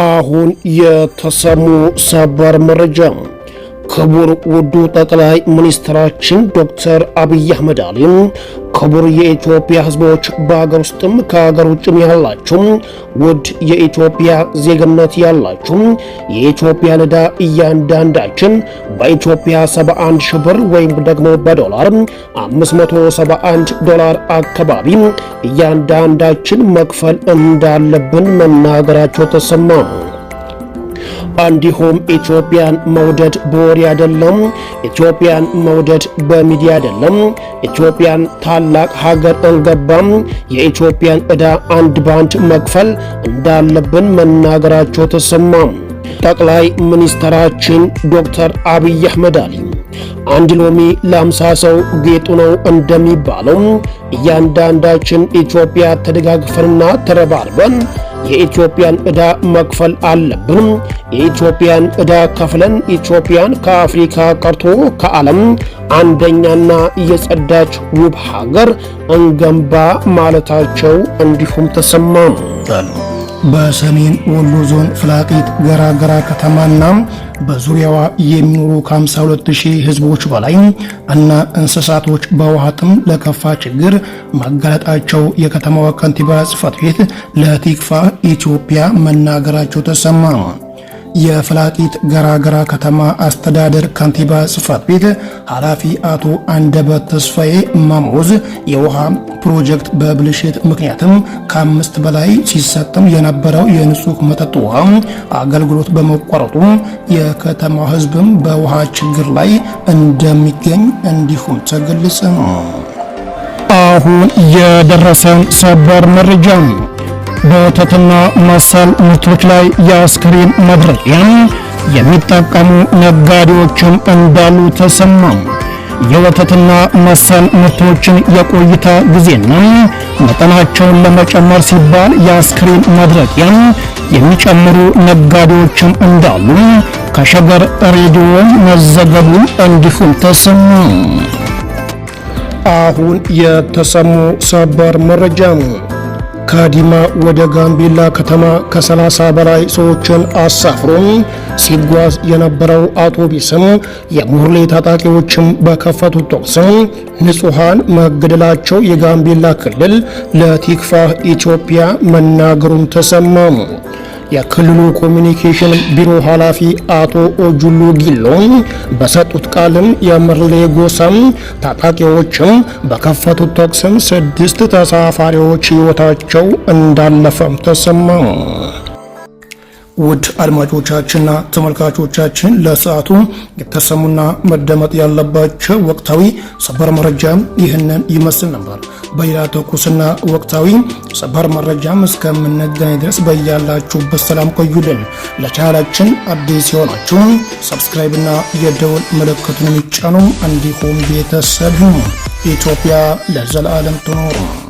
አሁን የተሰሙ ሰበር መረጃ ክቡር ውዱ ጠቅላይ ሚኒስትራችን ዶክተር አብይ አህመድ አሊም ክቡር የኢትዮጵያ ሕዝቦች በሀገር ውስጥም ከሀገር ውጭም ያላችሁም ውድ የኢትዮጵያ ዜግነት ያላችሁም የኢትዮጵያ ዕዳ እያንዳንዳችን በኢትዮጵያ 71 ሺህ ብር ወይም ደግሞ በዶላር 571 ዶላር አካባቢ እያንዳንዳችን መክፈል እንዳለብን መናገራቸው ተሰማ። እንዲሁም ኢትዮጵያን መውደድ በወሬ አይደለም። ኢትዮጵያን መውደድ በሚዲያ አይደለም። ኢትዮጵያን ታላቅ ሀገር እንገባም የኢትዮጵያን ዕዳ አንድ ባንድ መክፈል እንዳለብን መናገራቸው ተሰማ። ጠቅላይ ሚኒስትራችን ዶክተር አብይ አህመድ አሊ አንድ ሎሚ ለአምሳ ሰው ጌጡ ነው እንደሚባለው እያንዳንዳችን ኢትዮጵያ ተደጋግፈንና ተረባርበን የኢትዮጵያን ዕዳ መክፈል አለብን። የኢትዮጵያን ዕዳ ከፍለን ኢትዮጵያን ከአፍሪካ ቀርቶ ከዓለም አንደኛና የጸዳች ውብ ሀገር እንገንባ ማለታቸው እንዲሁም ተሰማሙ። በሰሜን ወሎ ዞን ፍላቂት ገራገራ ከተማና በዙሪያዋ የሚኖሩ ከ52 ሺህ በላይ እና እንስሳቶች በውሃትም ለከፋ ችግር ማጋለጣቸው የከተማዋ ከንቲባ ጽፈት ቤት ለቲክፋ ኢትዮጵያ መናገራቸው ተሰማ። ነው። የፍላቂት ገራገራ ከተማ አስተዳደር ከንቲባ ጽህፈት ቤት ኃላፊ አቶ አንደበት ተስፋዬ ማሞዝ የውሃ ፕሮጀክት በብልሽት ምክንያትም ከአምስት በላይ ሲሰጥም የነበረው የንጹህ መጠጥ ውሃ አገልግሎት በመቋረጡ የከተማ ህዝብም በውሃ ችግር ላይ እንደሚገኝ እንዲሁም ነው አሁን የደረሰን ሰበር መረጃ በወተትና መሰል ምርቶች ላይ የአስክሬን መድረቂያም የሚጠቀሙ ነጋዴዎችም እንዳሉ ተሰማም። የወተትና መሰል ምርቶችን የቆይታ ጊዜና መጠናቸውን ለመጨመር ሲባል የአስክሬን መድረቂያም የሚጨምሩ ነጋዴዎችም እንዳሉ ከሸገር ሬዲዮ መዘገቡ እንዲሁም ተሰማ። አሁን የተሰሙ ሰበር መረጃ ነው። ከዲማ ወደ ጋምቤላ ከተማ ከ30 በላይ ሰዎችን አሳፍሮም ሲጓዝ የነበረው አውቶቢስም የሙርሌ ታጣቂዎችም በከፈቱት ተኩስም ንጹሐን መገደላቸው የጋምቤላ ክልል ለቲክፋህ ኢትዮጵያ መናገሩም ተሰማሙ። የክልሉ ኮሚኒኬሽን ቢሮ ኃላፊ አቶ ኦጁሉ ጊሎን በሰጡት ቃልም የምርሌ ጎሳም ታጣቂዎችም በከፈቱት ተኩስም ስድስት ተሳፋሪዎች ሕይወታቸው እንዳለፈም ተሰማ። ውድ አድማጮቻችንና ተመልካቾቻችን ለሰዓቱ የተሰሙና መደመጥ ያለባቸው ወቅታዊ ሰበር መረጃም ይህንን ይመስል ነበር። በሌላ ትኩስና ወቅታዊ ሰበር መረጃም እስከምንገናኝ ድረስ በያላችሁበት ሰላም ቆዩልን። ለቻናላችን አዲስ የሆናችሁ ሰብስክራይብና የደውል ምልክቱን የሚጫኑ እንዲሁም ቤተሰብ ኢትዮጵያ ለዘለዓለም ትኖሩ።